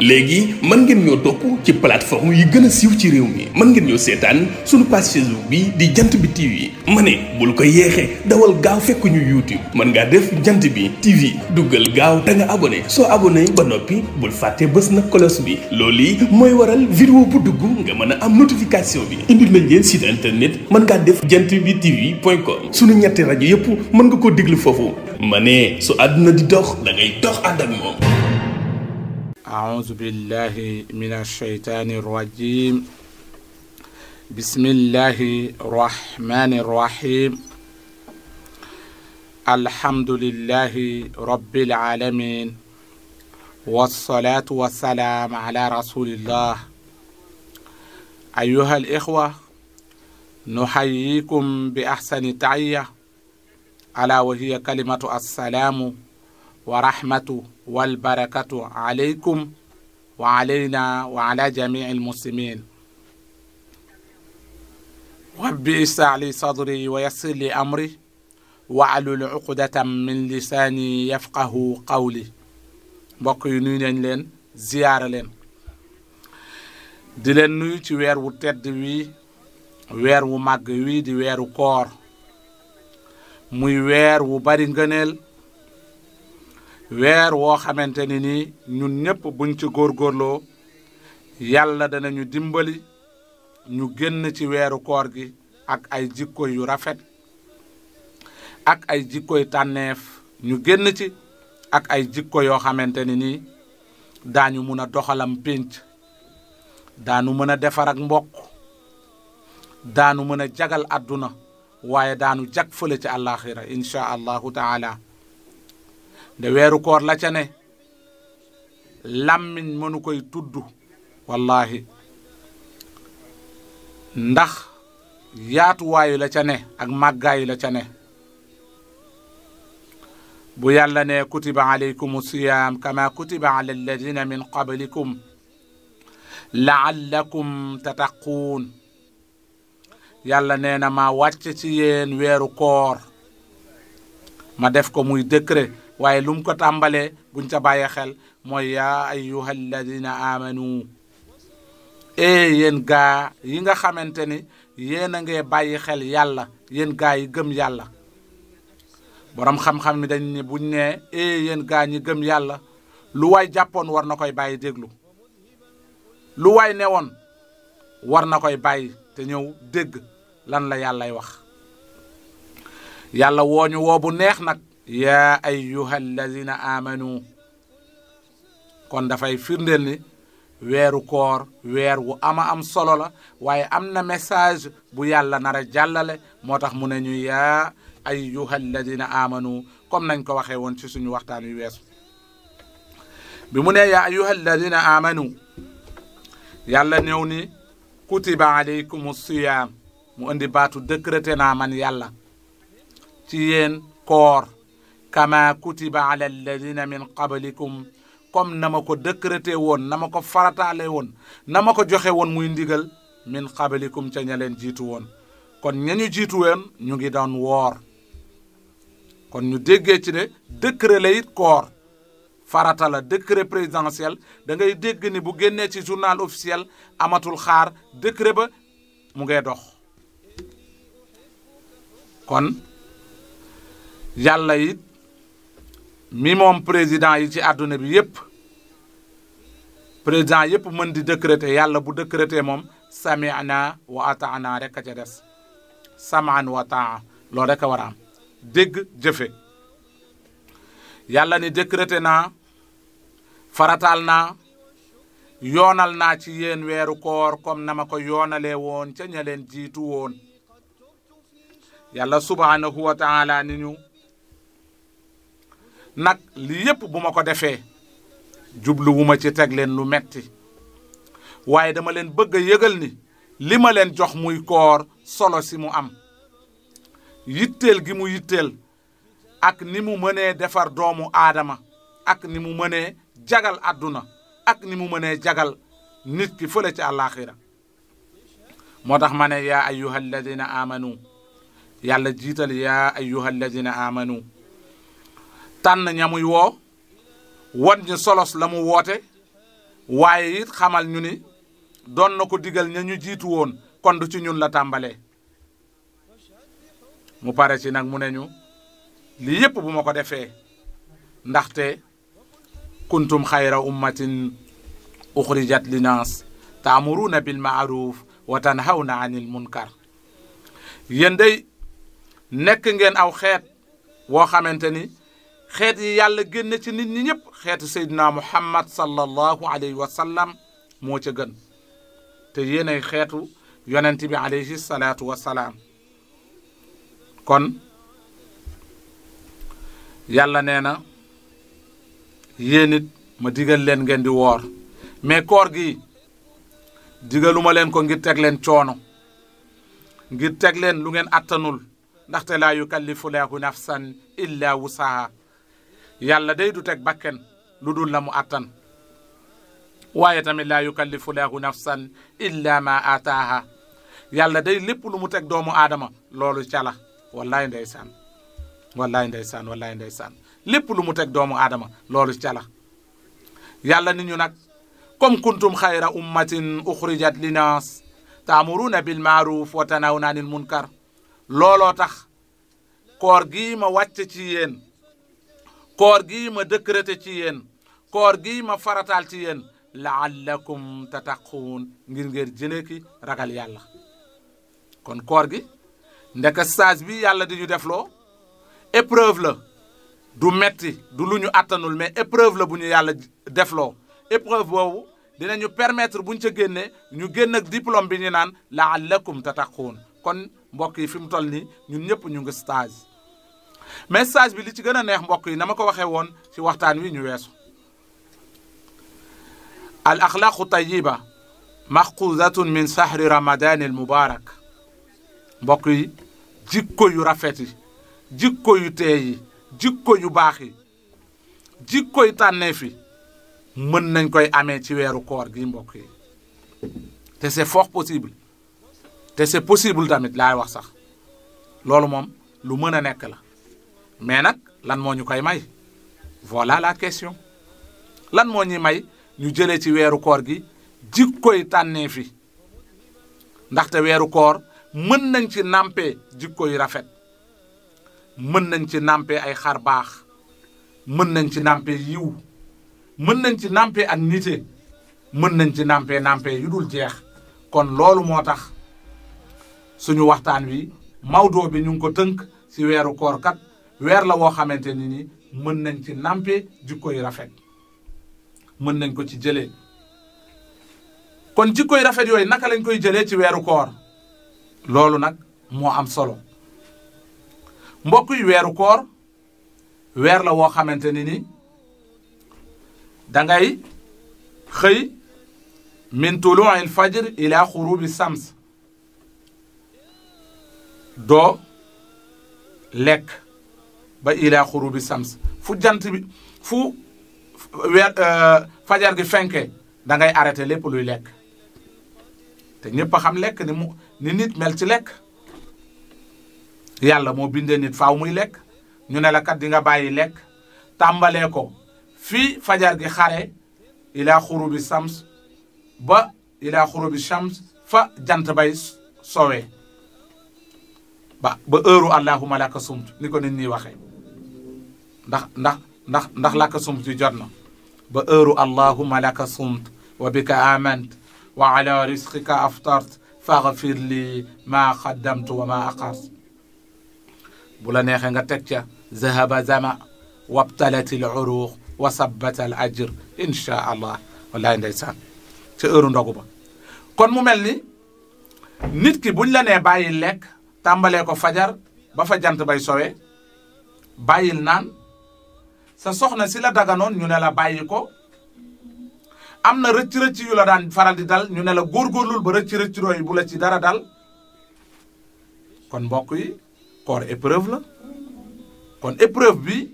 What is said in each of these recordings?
léegi mën ngeen ñoo topp ci plateforme yi gën a siiw ci réew mi mën ngeen ñoo seetaan suñu page Facebook bi di jant bi TV ma ne bul ko yeexee dawal gaaw fekku ñu YouTube mën ngaa def jant bi TV duggal gaaw te nga abonné soo abonné ba noppi bul fàtte bës na cloche bi loolu yi mooy waral vidéo bu dugg nga mën a am notification bi indil nañ leen site internet mën ngaa def jant bi TV point com sunu ñetti rajo yëpp mën nga ko déglu foofu ma ne su àdduna di dox da ngay dox ànd ak أعوذ بالله من الشيطان الرجيم بسم الله الرحمن الرحيم الحمد لله رب العالمين والصلاة والسلام على رسول الله أيها الإخوة نحييكم بأحسن تعية على وهي كلمة السلام ورحمة والبركة عليكم وعلينا وعلى جميع المسلمين ربي اسع لي صدري ويسر لي أمري وعلو العقدة من لساني يفقه قولي بقي نينين لين زيارة لين نويت ويرو تدوي ويرو مقوي ويرو كور مي بارنغنل weer woo xamante ni nii ñun ñépp buñ ci góorgóorloo yàlla danañu dimbali ñu génn ci weeru koor gi ak ay jikko yu rafet ak ay jikkoy tànneef ñu génn ci ak ay jikko yoo xamante ni nii daañu mun a doxalam pénc daanu mën a defar ak mbokk daanu mën a jagal àdduna waaye daanu jag fële ci àllaaxira incha allahu taala nde weeru koor la ca ne lammiñ mënu koy tudd wallahi ndax yaatuwaayu la ca ne ak màggaayu la ca ne bu yàlla ne kutiba alaykum siyam kama kutiba ala alladina min qablikum laallakum tattaquun yàlla nee na ma wàcc ci yéen weeru koor ma def ko muy décret waaye lu mu ko tàmbalee buñ ca bàyyi xel mooy yaa ayyuha alladina amanu ee eh yéen gaa yi nga xamante ni yéen a ngee bàyyi xel yàlla yéen gaa yi gëm yàlla boroom xam-xam mi dañ ni buñ nee ee eh yéen gaa ñi gëm yàlla lu waay jàppoon war na koy bàyyi déglu lu waay ne woon war na koy bàyyi te ñëw dégg lan la yàllay wax yàlla wooñu woo bu neex nag يا أيها الذين آمنوا كون دا فاي فيرندل ني ويرو كور ويرو أما أم صلولا واي أمنا مساج بو يالا نارا جالالي موتاخ مونيو يا أيها الذين آمنوا كوم نانكو واخي وون سي سونو وقتان يو ويسو بي موني يا أيها الذين آمنوا يالا نيوني كتب عليكم الصيام مو اندي باتو ديكريتي نا مان يالا تي كور kama kutiba ala alladina min na ma ko décrété woon na ma ko farataale woon na ma ko joxe woon muy ndigal min qablikum ña leen jiitu woon kon ña ñu jiitu woon ñu ngi doon woor kon ñu déggee ci ne décret la it koor farata la décret présidentiel da ngay dégg ni bu génnee ci journal officiel amatul xaar décret ba mu ngay dox kon yàlla it mi moom président yi ci àdduna bi yépp président yépp mën di décréter yàlla bu décréter moom sami'na wa ata'na rek a ca des sam'an wa ta'a loo rek a war a dégg jëfe yàlla ni décréter naa faratal naa yoonal naa ci yéen weeru koor comme na ma ko yoonale woon ca ña leen jiitu woon yàlla subhanahu wa ta'ala ni ñu nag li yépp bu ma ko defee jubluwuma ci teg leen lu metti waaye dama leen bëgg a yëgal ni li ma leen jox muy koor solo si mu am yitteel gi mu yitteel ak ni mu mënee defar doomu aadama ak ni mu mënee jagal àdduna ak ni mu mënee jagal nit ki fële ci àllaaxira moo tax ma ne yaa ayyuha alladina amanu yàlla jiital yaa ayyuha alladina amanu tànn ñamuy woo wan ñu solos la mu woote waaye it xamal ñu ni doon na ko digal ña ñu jiitu woon kon du ci ñun la tàmbalee mu pare ci nag mu ne ñu lii yépp bu ma ko defee ndaxte kuntum xayra ummatin uxrijat linaas taamuruuna bil maaruf wa tanhawna mun kar yéen day nekk ngeen aw xeet woo xamante ni xeet yi yàlla génne ci nit ñi ñëpp xeetu seydina muhammad sallallahu alayhi wa sallam moo ca gën te yéenay xeetu yonent bi alayhi salaatu wa salaam kon yàlla nee na yéen it ma digal leen ngeen di woor mais koor gi digaluma leen ko ngir teg leen coono ngir teg leen lu ngeen attanul ndaxte laa yukallifu laahu nafsan illa wusaha yàlla day du tek bakken ludul lamu atan waye tamit la yukallifu lahu nafsan illa ma ataha yàlla day lépp lu mu tek doomu aadama loolu cala wallahi ndaysan wallahi ndaysan wallahi ndaysan lépp lu mu tek doomu aadama loolu cala yàlla nit ñu nak comme kuntum xayra ummatin uxrijat linaas ta'muruna bil maaruf wa tanawna anil munkar looloo tax koor ma ci yéen koor gi ma décrété ci yéen koor gi ma faratal ci yéen laallakum tattaquun ngir ngeen jëlee ki ragal yàlla kon koor gi ndeka stage bi yàlla di ñu defloo épreuve la du metti du lu ñu àttanul mais épreuve la bu ñu yàlla defloo épreuve boobu dinañu permettre buñ ca génnee ñu génn ak diplôme bi ñu naan laallakum tattaquun kon mbokk yi fi mu toll nii ñun ñëpp ñu ngi stage message bi li ci gën a neex mbokk yi na ma ko waxee woon ci waxtaan wi ñu weesu al axlaaqu tayiba maxquuzatun min sahri ramadan al mubarak mbokk yi jikko yu rafet yi jikko yu tee yi jikko yu baax yi jikko yu tànneef fi mën nañ koy amee ci weeru koor gi mbokk yi te c'est fort possible te c'est possible tamit laay wax sax loolu moom lu mën a nekk la mais nag lan moo ñu koy may voilà la question lan moo ñuy may ñu jëlee ci weeru koor gi jikkoy tànnee fi ndaxte weeru koor mën nañ ci nàmpee jikko yu rafet mën nañ ci nàmpee ay xar baax mën nañ ci nàmpee yiw mën nañ ci nàmpee ak nite mën nañ ci nàmpee nàmpee yu dul jeex kon loolu moo tax suñu waxtaan wi mawdoo bi ñu ngi ko tënk ci weeru koor kat weer la woo xamante ni ni mën nañ ci nàmpe jikko yu rafet mën nañ ko ci jëlee kon jikko yu rafet yooyu naka lañ koy jëlee ci weeru koor loolu nag moo am solo mbokk yi weeru koor weer la woo xamante ni ni dangay xëy min tuluuci alfajr ila xurubi sams doo lekk ba ilaa xurubi sams fu jant bi fu weer euh, fajar gi fenke dangay ngay arrêté lépp luy lekk te ñëpp xam lekk ni mu ni nit mel ci lekk yàlla moo bindee nit faaw muy lekk ñu ne la kat di nga bàyyi lekk tàmbalee ko fii fajar gi xare ilaa xurubi sams ba ilaa xurubi shams fa jant bay soowee ba ba heure u allahumma laka sumtu ni ko nit ñi waxee ndax ndax ndax ndax laka sumt yi jot na ba heure allahuma laka sumt wa bika amant wa ala risqika aftart faghfir li ma qaddamtu wa ma aqart bu la neexee nga teg ca zahaba zama wabtalat al uruq wa sabbat al ajr insha allah wallaay ndeysaan ca heure ndogu ba kon mu mel ni nit ki buñ la nee bàyyil lekk tàmbalee ko fajar ba fa jant bay sowe bàyyil naan sa soxna si la daganoon ñu ne la bàyyi ko am na rëcc-rëcc yu la daan faral di dal ñu ne la góorgóorlul ba rëcc-rëcc yooyu bu la ci dara dal kon mbokk yi koor épreuve la kon épreuve bi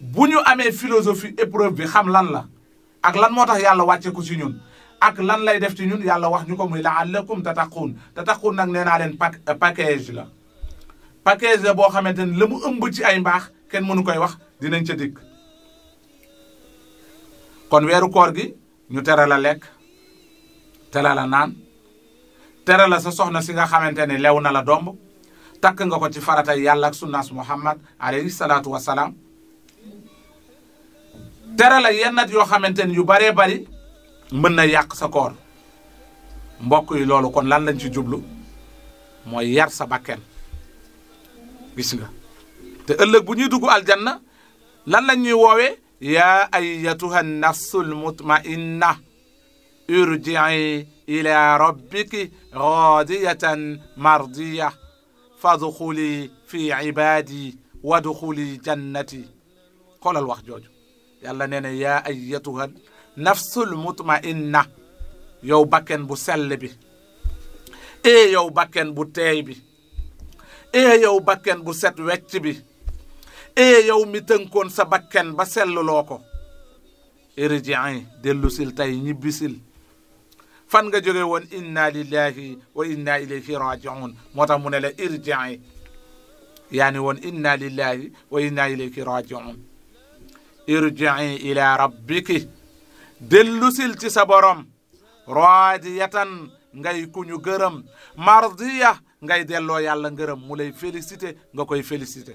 bu ñu amee philosophie épreuve bi xam lan la ak lan moo tax yàlla wàcce ko ci ñun ak lan lay def ci ñun yàlla wax ñu ko muy la'allakum tattaquun tattaquun nag nee naa leen euh, package la package la boo xamante ni la mu ëmb ci ay mbaax kenn mënu koy wax dinañ ca dikk kon weeru koor gi ñu teral a lekk tere la naan tere la sa soxna si nga xamante ne lew na la domb takk nga ko ci faratay yàlla ak sunnaas muhammad alayhi salaatu wa salaam tere la yoo xamante ne yu baree bari mën na yàq sa koor mbokk yi loolu kon lan lañ ci jublu mooy yar sa bakken gis nga te ëllëg bu ñuy dugg aljana lan lañ ñuy woowee يا أيتها النفس المطمئنة ارجعي إلى ربك غاديه مرضية فادخلي في عبادي وادخلي جنتي قال جوجو يلا نينا يا أيتها النفس المطمئنة يو بكن بسلبي إيه يو بكن بتيبي إيه يو بكن بست بي ee eh, yow mi tënkoon sa bakken ba selluloo ko irji'i dellusil tey ñibbisil fan nga jóge woon inna lillahi wa inna ilayhi raji'un moo tax mu ne la irji'i yaani woon inna lillahi wa inna ilayhi raji'un irji'i ila rabbiki dellusil ci sa borom raadiyatan ngay ku ñu gërëm mardiya ngay delloo yàlla ngërëm mu lay félicité nga koy félicité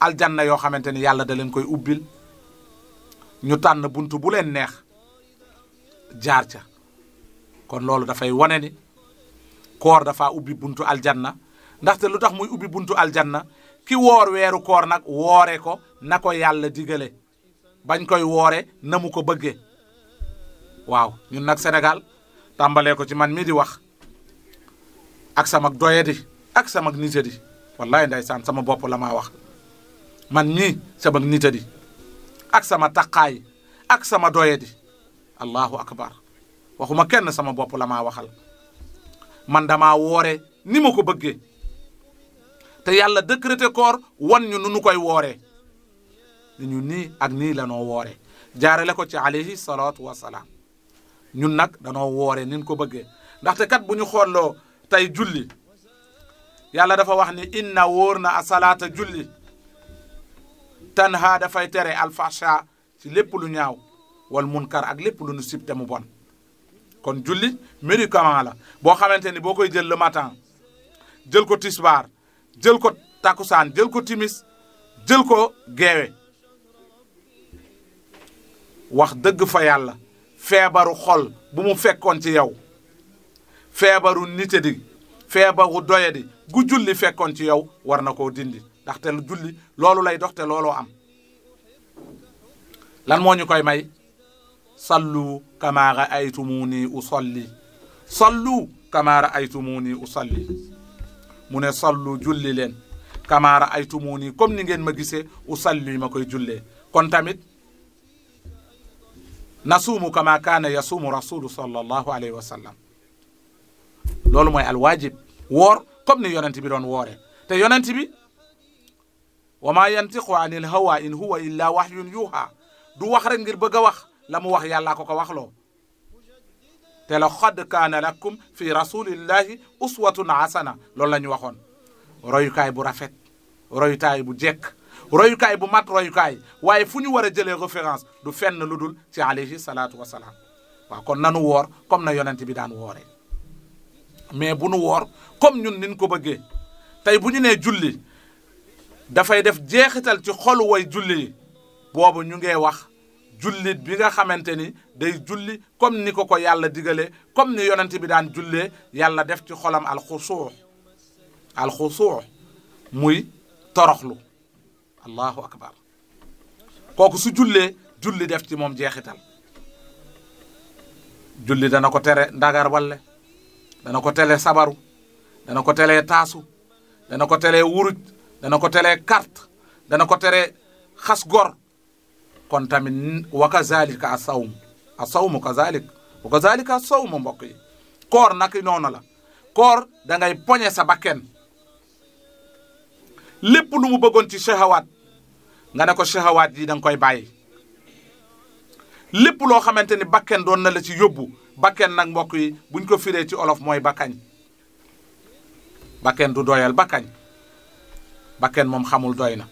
aljanna yoo xamante ni yàlla da leen koy ubbil ñu tànn bunt bu leen neex jaar ca kon loolu dafay wane ni koor dafa ubbi buntu aljanna ndaxte lu tax muy ubbi buntu aljanna ki woor weeru koor nag woore ko na ko yàlla digale bañ koy woore na mu ko bëggee waaw ñu nag senegal tàmbalee ko ci man mii di wax ak sama doyadi ak sama nigédi wallahi ndeysaan sama bopp la maa wax man mii sama nitadi ak sama taqaay ak sama doyadi allahu akbar waxuma kenn sama bopp la ma waxal man dama woore ni ma ko bëggee te yàlla décrété koor wan ñu nu koy wooree ni ñu nii ak nii la noo woore jaarale ko ci alayhi salaatu wa ñun nag danoo woore nin ko bëggee ndaxte kat bu ñu xoolloo tey julli yàlla dafa wax ni inna wóor na a julli tanha dafay tere alfasha ci lépp lu ñaaw wal munkar ak lépp lu nu sib mu bon kon julli médicament la boo xamante ni boo koy jël le matin jël ko tisbaar jël ko takkusaan jël ko timis jël ko geewe wax dëgg fa yàlla feebaru xol bu mu fekkoon ci yow feebaru nite di feebaru doye di gu julli fekkoon ci yow war na koo dindi ndaxte julli loolu lay dox te looloo am lan moo ñu koy may sallu kama raaytumuni usalli sallu kama raaytumuni usalli mu ne sallu julli leen kama raaytumuni comme ni ngeen ma gisee usalli ma koy jullee kon tamit nasuumu kama kaana yasuumu rasulu sallallahu alayhi wa loolu mooy alwaajib woor comme ni yonent bi doon woore te yonent bi وما ينطق عن الهوى ان هو الا وحي يوحى دو واخ رك غير بغا واخ لام واخ يالا كوكو واخ لو تلا خد كان لكم في رسول الله اسوه حسنه لول لا ني واخون روي كاي بو رافيت روي تاي بو جيك روي كاي بو مات روي كاي واي فونو ورا جيلي ريفيرنس دو فن لودول سي عليه الصلاه والسلام وا كون نانو وور كوم نا يونتي بي دان ووري مي بونو وور كوم نون نين كو بغي تاي بو ني نه جولي dafay def jeexital ci xolu way julli yi boobu ñu ngee wax jullit bi nga xamante ni day julli comme ni ko ko yàlla digalee comme ni yonent bi daan jullee yàlla def ci xolam alxusuux alxusuux muy toroxlu allahu akbar kooku su jullee julli def ci moom jeexital julli dana ko tere ndagar walle dana ko telee sabaru dana ko telee taasu dana ko telee wuruj dana ko teree carte dana ko teree xas gor kon tamit wa kazalika a sawm a sawmu kazalik wa mbokk yi koor nag noonu la koor da poñe sa bakken lépp lu mu bëggoon ci shahawaat nga ne ko shahawaat yi danga koy bàyyi lépp loo xamante ni bakken doon na la ci yóbbu bakken nag mbokk yi buñ ko firee ci olof mooy bakkañ bakken du doyal bakkañ bakken mom xamul doyna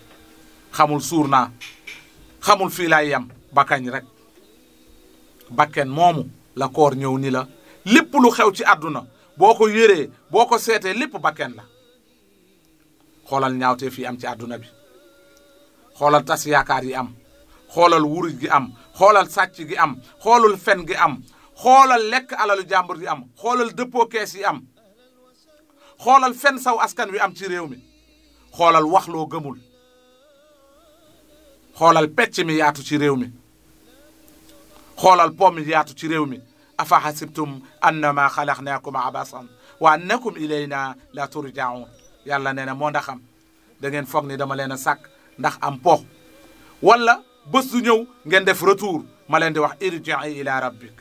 xamul suur xamul fi lay yam bakagn rek bakken momu la koor ñëw ni la lépp lu xew ci aduna boko yere boko sété lépp bakken la xolal ñaawte fi am ci aduna bi xolal tas yaakar yi am xolal wuri gi am xolal sàcc gi am xolul fen gi am xoolal lekk alalu jàmbur gi am xolal depo kees yi am xolal fen saw askan wi am ci réew mi xoolal wax loo gëmul xoolal pecc mi yaatu ci réew mi xoolal pom mi yaatu ci réew mi afa xasibtum annama xalaqnaakum abasan wa annakum ilayna la turjaun yàlla nee na moo ndax da ngeen foog ni dama leen a sàkk ndax am po wala bés du ñëw ngeen def retour ma leen di wax irji'i ila rabbik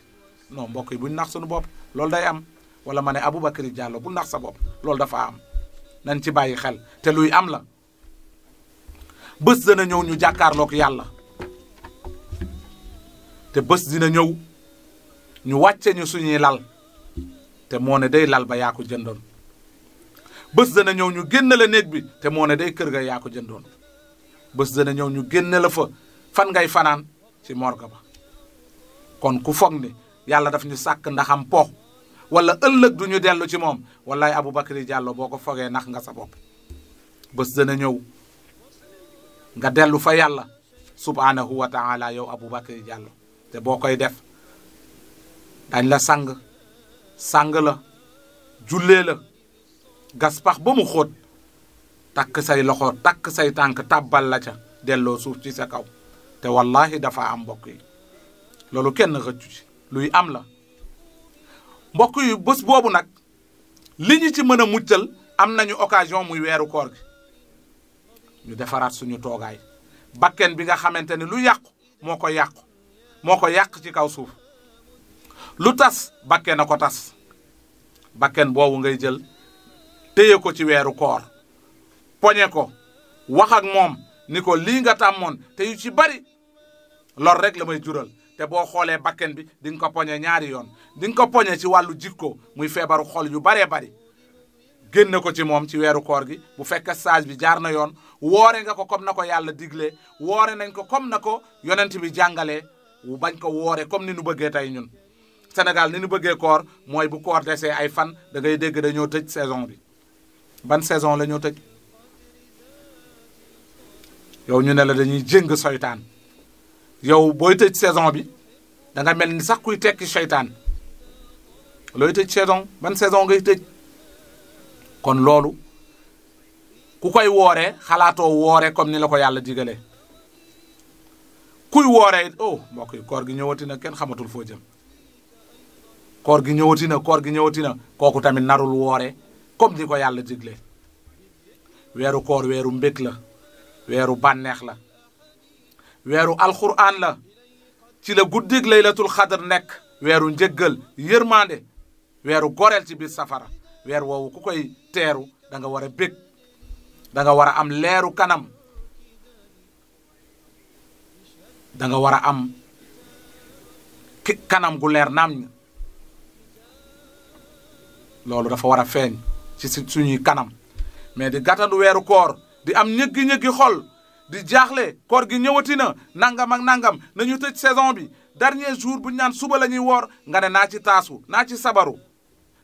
non mbokk yi buñ nax suñu bopp loolu day am wala ma ne Aboubacry Diallo bu nax sa bopp loolu dafa am nañ ci bàyyi xel te luy am la bés dana ñëw ñu jàkkaarloog yàlla te bés dina ñëw ñu wàcce ñu suñuy lal te moo ne day lal ba yaa ko jëndoon bés dana ñëw ñu génn la néeg bi te moo ne day kër ga yaa ko jëndoon bés dana ñëw ñu génn la fa fan ngay fanaan ci morgue ba kon ku foog ni yàlla daf ñu sàkk ndaxam po wala ëllëg du ñu dellu ci moom wallaay Aboubacry Diallo boo ko fogee nax nga sa bopp bés dana ñëw nga dellu fa yàlla subhanahu wa taala yow Aboubacry Diallo te boo koy def dañ la sang sang la jullee la gas pax ba mu xóot takk say loxo takk say tànk tàbbal la ca delloo suuf ci sa kaw te wallahi dafa am mbokk yi loolu kenn xëccu ci luy am la mbokk yu bës boobu nag li ñu ci mën a muccal am nañu occasion muy weeru koor gi ñu defaraat suñu toogaay bakken bi nga xamante ne lu yàqu moo ko yàqu moo ko yàq ci kaw suuf lu tas bakken ko tas bakken boobu ngay jël téye ko ci weeru koor poñe ko wax ak moom ni ko lii nga tàmmoon te yu ci bari lor rek la may jural te boo xoolee bakken bi di nga ko poñe ñaari yoon di ko poñe ci wàllu jikko muy feebaru xool yu baree bari génne ko ci moom ci weeru koor gi bu fekkee sage bi jaar na yoon woore nga ko comme na ko yàlla diglee woore nañ ko comme na ko yonent bi jàngalee bañ ko woore comme ni nu bëggee tey ñun Sénégal ni nu bëggee koor mooy bu koor desee ay fan da ngay dégg dañoo tëj saison bi ban saison la ñoo tëj yow ñu ne la dañuy jëng soytaan yow booy tëj saison bi danga mel ni sax kuy tekki seytaan looy tëj saison ban saison ngay tëj kon loolu ku koy woore xalaatoo woore comme ni la ko yàlla digalee kuy woore it oh mbokk yi koor gi ñëwati na kenn xamatul foo jëm koor gi ñëwati na koor gi ñëwati na kooku tamit narul woore comme ni ko yàlla digle weeru koor weeru mbég la weeru bànneex la weeru alxuraan la ci la guddig laylatul xadar nekk weeru njëggal yërmande weeru goreel ci biir safara weer woowu ku koy teeru danga war a bég da nga war a am leeru kanam danga war a am kanam gu leer naam loolu dafa war a feeñ ci suñuy kanam mais di gàttandu weeru koor di am ñëggi-ñëggi xol di jaaxle koor gi ñëwati na nangam ak nangam nañu tëj saison bi dernier jour bu ñu naan suba la ñuy woor nga ne naa ci taasu naa ci sabaru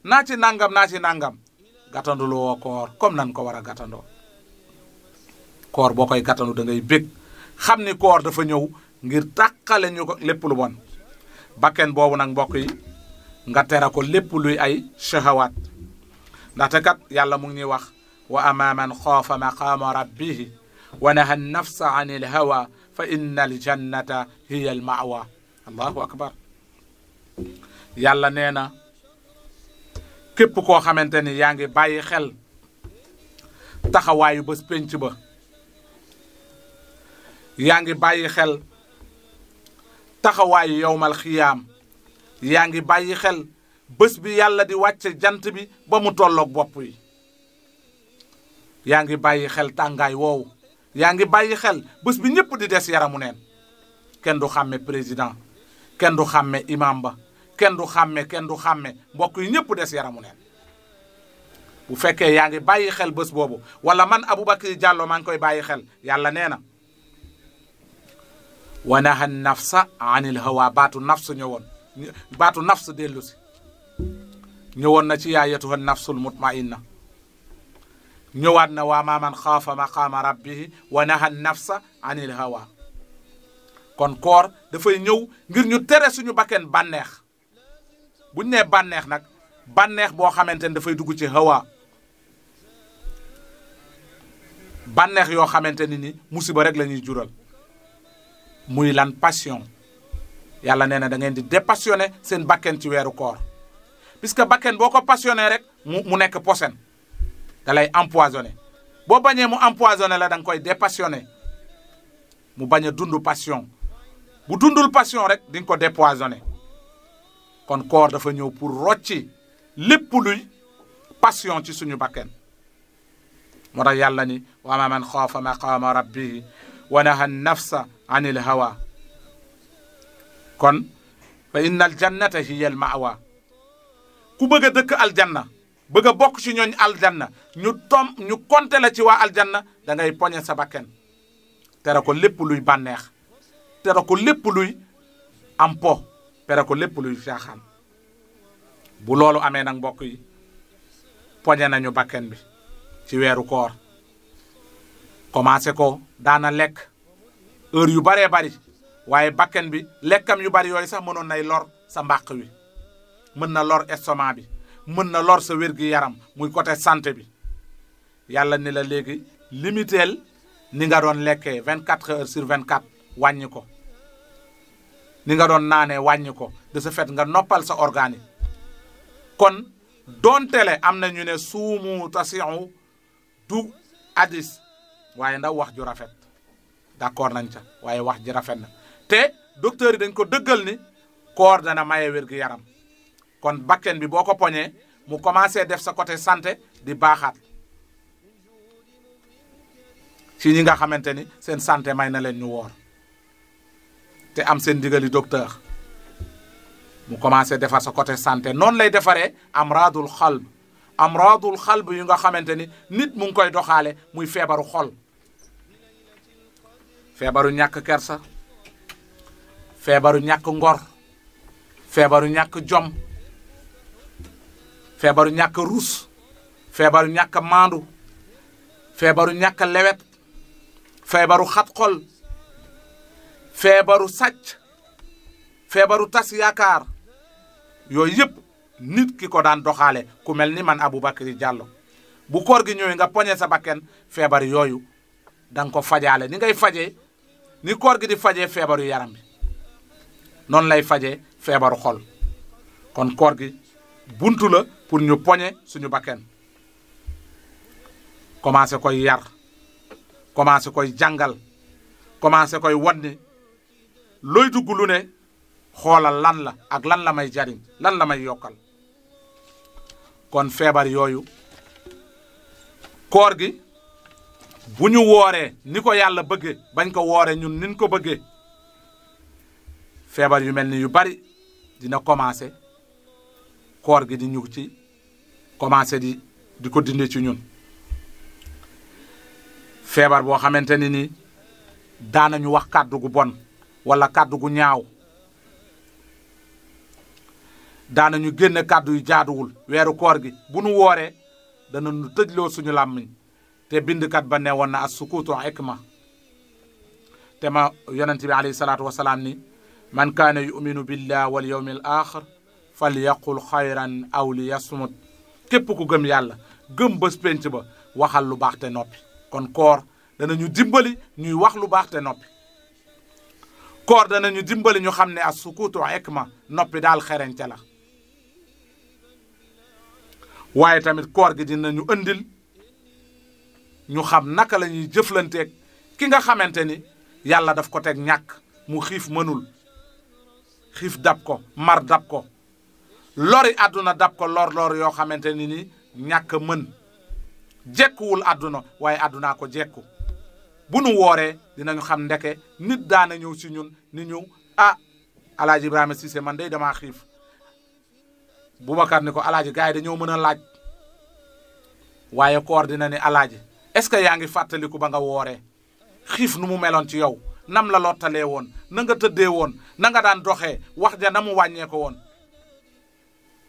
naa ci nangam naa ci nangam gàttandu lu woo koor comme nan ko war a gàttandoo koor boo koy gàttandu da ngay bég xam ni koor dafa ñëw ngir tàqale ñu ko lépp lu bon bakken boobu nag mbokk yi nga tera ko lépp luy ay shahawaat ndaxte kat yàlla mu ngi ñuy wax wa ama man xoofa maqaama rabbihi ونهى النفس عن الهوى فإن الجنة هي المأوى allahu akbar yàlla nee na képp koo xamante ni yaa ngi bàyyi xel taxawaayu bés pénc ba yaa ngi bàyyi xel taxawaayu yowmal xiyaam yaa ngi bàyyi xel bés bi yàlla di wàcce jant bi ba mu tolloog bopp yi yaa ngi bàyyi xel tàngaay woowu yaa ngi bàyyi xel bés bi ñëpp di des yaramu neen kenn du xàmme président kenn du xàmme imam ba kenn du xàmme kenn du xàmme mbokk yi ñëpp des yaramu neen bu fekkee yaa ngi bàyyi xel bés boobu wala man Aboubacry Diallo maa ngi koy bàyyi xel yàlla nee na wa naha nafsa anil hawa baatu nafs ñëwoon baatu nafs dellu si ñëwoon na ci yaa yetuha nafsul mutmainna ñëwaat na waa maaman xaafa maqaama rabbihi wa naha nafsa anil hawa kon koor dafay ñëw ngir ñu tere suñu bakken bànneex buñ nee bànneex nag bànneex boo xamante ni dafay dugg ci hawa bànneex yoo xamante ni ni musiba rek lañuy jural muy lan passion yàlla nee na da ngeen di dépassionné seen bakken ci weeru koor puisque bakken boo ko passionné rek mu mu nekk posen da lay empoisonné vous mu empoisonné la dang koy dépassionné mu a passion bu dundul passion rek ko kon koor pour rocci luy passion ci suñu ni wa ma man wa nafsa 'anil hawa kon fa inna jannata hiya al mawa ku bëgg bëgg bokk ci ñooñ aljanna ñu tom ñu konte ci waa aljanna da ngay poñe sa bakken tere ko lépp luy bànneex tere ko lépp luy ampo po tere ko lépp luy caaxaan bu loolu amee nag mbokk yi poñe nañu bakken bi ci weeru koor commencé ko daana lekk heure yu baree bari waaye bakken bi lekkam yu bari yooyu sax mënoon nay lor sa mbàq wi mën na lor estomac bi mën na lor sa wér gi yaram muy côté santé bi yàlla ni la léegi limiteel ni nga doon lekkee 24 heures sur 24 wàññi ko ni nga doon naanee wàññi ko de ce fait nga noppal sa organe yi kon doontele am na ñu ne suumu tasiu du adis waaye ndaw wax ju rafet d'accord nañ ca waaye wax ji rafet na te docteur yi dañ ko dëggal ni koor dana maye wér gi yaram kon bakken bi boo ko poñee mu commencé def sa côté santé di baaxaat ci ñi nga xamante ni seen sante may na leen ñu woor te am seen ndigali docteur mu commencé defar sa côté santé noonu lay defaree amradul xalb amradul xalb yu nga xamante ni nit mu ngi koy doxaale muy feebaru xol feebaru ñàkk kersa feebaru ñàkk ngor feebaru ñàkk jom feebaru ñàkk a ruus feebaru ñàkk a maandu feebaru ñàkk a lewet feebaru xat xol feebaru sàcc feebaru tas yaakaar yooyu yëpp nit ki ko daan doxaale ku mel ni man Aboubacry Diallo bu koor gi ñëwee nga poñe sa bakken feebar yooyu da ko fajale ni ngay fajee ni koor gi di fajee feebaru yaram bi noonu lay fajee feebaru xol kon koor gi buntu pour ñu poñe suñu bakken commencé koy yar commencé koy jàngal commencé koy wanni looy dugg lu ne xoolal lan la ak lan la may jariñ lan la may yokkal kon feebar yooyu koor gi bu ñu wooree ni ko yàlla bëggee bañ ko wooree ñun nin ko bëggee feebar yu mel ni yu bari dina commencé koor gi di ñu ci commencé di di ko dindi ci ñun feebar boo xamante ni nii ñu wax kàddu gu bon walla kàddu gu ñaaw ñu génne kàddu yu jaaduwul weeru koor gi bu nu wooree danañu tëjloo suñu làmmiñ te bindkat ba ne woon na as sukuutu hikma te ma yonente bi alayhi salaatu wasalaam ni man yu yuminu billah wal yawmi al fal yaqul xayran aw li képp ku gëm yàlla gëm pénc ba waxal lu baax te noppi kon koor danañu dimbali ñuy wax lu baax te noppi koor danañu dimbali ñu xam ne as sukuutu hikma noppi daal xereñte la waaye tamit koor gi dinañu ëndil ñu xam naka lañuy ñuy jëflanteeg ki nga xamante ni yàlla daf ko teg ñàkk mu xiif mënul xiif dab ko mar dab ko lori àdduna dab ko lor yoo xamante ni ni ñàkk mën jekkuwul àdduna waaye àddunaa ko jekku bu nu wooree dinañu xam ndeke nit daana ñëw ci ñun ni ñu ah alaaji ibrahima Cissé man day damaa xiif Boubacar ni ko alaaji gars yi dañoo mën a laaj waaye koor dina ni alaaji est-ce que yaa ngi fàttaliku ba nga wooree xiif nu mu meloon ci yow nam la lottalee woon na nga tëddee woon na nga daan doxee wax ja na mu wàññee ko woon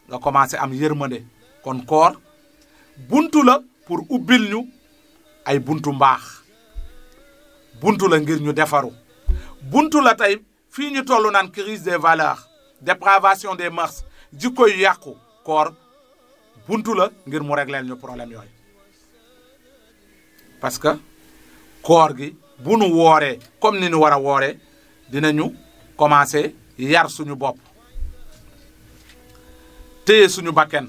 nga commencé am yërmande kon koor buntu la pour ubbil ñu ay buntu mbaax buntu la ngir ñu defaru buntu la tay fi ñu tollu naan crise des valeurs dépravation des mœurs jikko yu yàqu koor buntu la ngir mu régler ñu problème yooyu parce que koor gi bu nu wooree comme ni ñu war a wooree dinañu commencé yar suñu bopp téye suñu bakken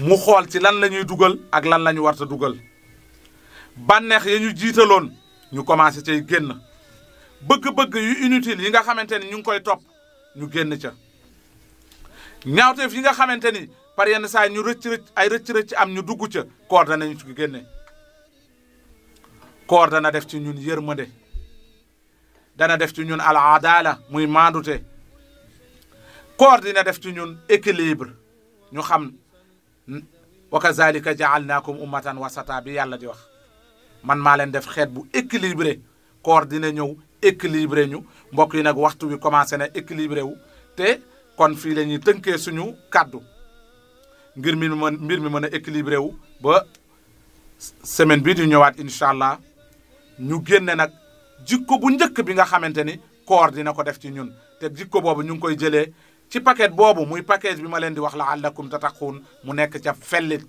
mu xool ci lan la ñuy dugal ak lan la ñu warta dugal bànneex ya ñu jiitaloon ñu commencé cay génn bëgg-bëgg yu inutile yi nga xamante ni ñu ngi koy topp ñu génn ca ñaawteef yi nga xamante ni par yenn saa ñu rëcc rëcc ay rëcc rëcc am ñu dugg ca koor dana ñu ci génne koor dana def ci ñun yérmade dana def ci ñun al adala muy maandute koor dina def ci ñun équilibre ñu xam wa kazalika jaalnaakum ummatan wasata bi yàlla di wax man maa leen def xeet bu équilibré koor dina ñëw équilibré ñu mbokk yi nag waxtu wi commencé na équilibré wu te kon fii la ñuy tënkee suñu kàddu ngir mi mën mbir mi mën a équilibré wu ba semaine bii ñu ñëwaat incha allah ñu génne nag jikko bu njëkk bi nga xamante ni koor dina ko def ci ñun te jikko boobu ñu ngi koy jëlee ci paquet bobu muy paquet bi ma leen di wax la alakum tatakhun mu nek ca felit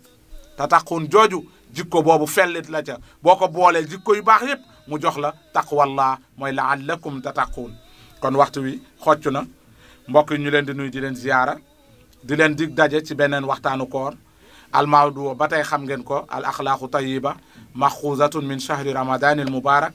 tatakhun joju jikko bobu felit la ca boko bolé jikko yu bax yépp mu jox la taqwallah moy la alakum tatakhun kon waxtu wi xocc mbokk ñu len di nuy di len ziyara di len dig daje ci benen waxtanu koor al mawdu batay xam ngeen ko al axlaaqu tayyiba makhuzatun min shahri al mubarak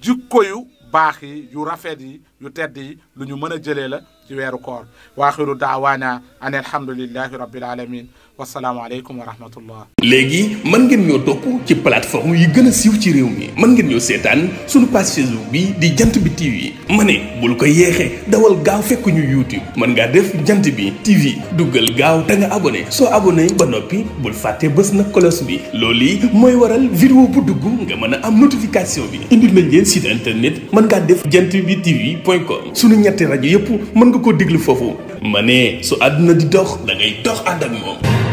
jikko yu baax yi yu rafet yi yu tedd yi lu ñu mëna jëlé la ci weeru koor waaxiru daawaana an alhamdulillahi rabbil alamin wasalaamaaleykum wa rahmatullah léegi mën ngeen ñoo toog ci plateforme yi gën a siiw ci réew mi mën ngeen ñoo seetaan suñu page Facebook bi di jant bi TV ma ne bul ko yeexee dawal gaaw fekku ñu YouTube mën ngaa def jant bi TV duggal gaaw te nga abonné soo abonné ba noppi bul fàtte bës na cloche bi lool yi mooy waral vidéo bu dugg nga mën a am notification bi indil nañ leen site internet mën ngaa def jant bi TV point com suñu ñetti rajo yëpp mën nga koo déglu foofu ma ne su àdduna di dox da ngay dox ànd ak